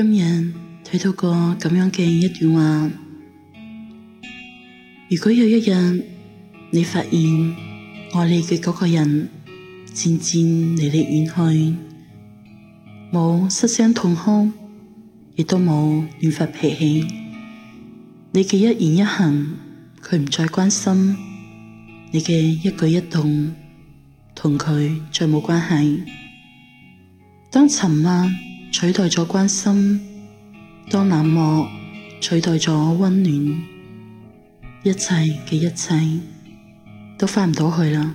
今日睇到個咁樣嘅一段話，如果有一日你發現愛你嘅嗰個人漸漸離你遠去，冇失聲痛哭，亦都冇亂發脾氣，你嘅一言一行佢唔再關心，你嘅一舉一動同佢再冇關係，當沉默取代咗關心，當冷漠取代咗溫暖，一切嘅一切都返唔到去啦。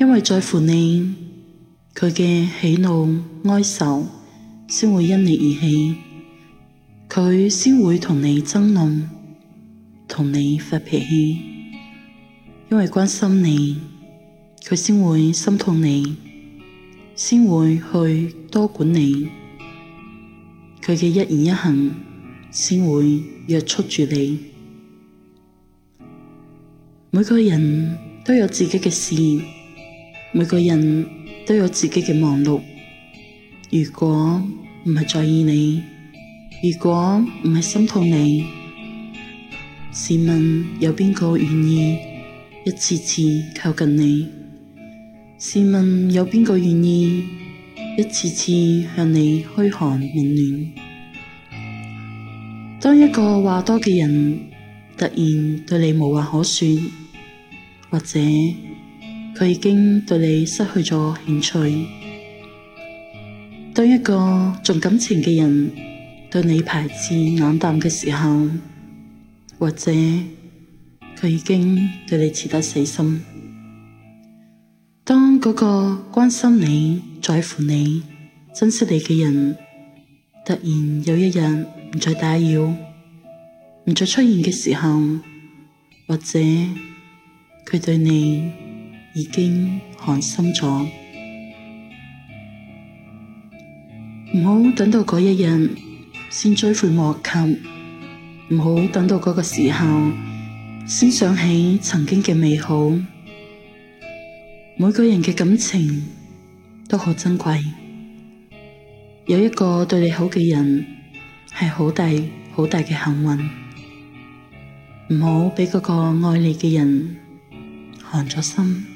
因為在乎你，佢嘅喜怒哀愁先會因你而起，佢先會同你爭論，同你發脾氣。因為關心你，佢先會心痛你。先會去多管你，佢嘅一言一行先會約束住你。每個人都有自己嘅事，每個人都有自己嘅忙碌。如果唔係在意你，如果唔係心痛你，試問有邊個願意一次次靠近你？試問有邊個願意一次次向你噓寒問暖？當一個話多嘅人突然對你無話可說，或者佢已經對你失去咗興趣；當一個重感情嘅人對你排斥冷淡嘅時候，或者佢已經對你徹底死心。當嗰個關心你、在乎你、珍惜你嘅人，突然有一日唔再打擾、唔再出現嘅時候，或者佢對你已經寒心咗，唔好等到嗰一日先追悔莫及，唔好等到嗰個時候先想起曾經嘅美好。每個人嘅感情都好珍貴，有一個對你好嘅人係好大、好大嘅幸運，唔好畀嗰個愛你嘅人寒咗心。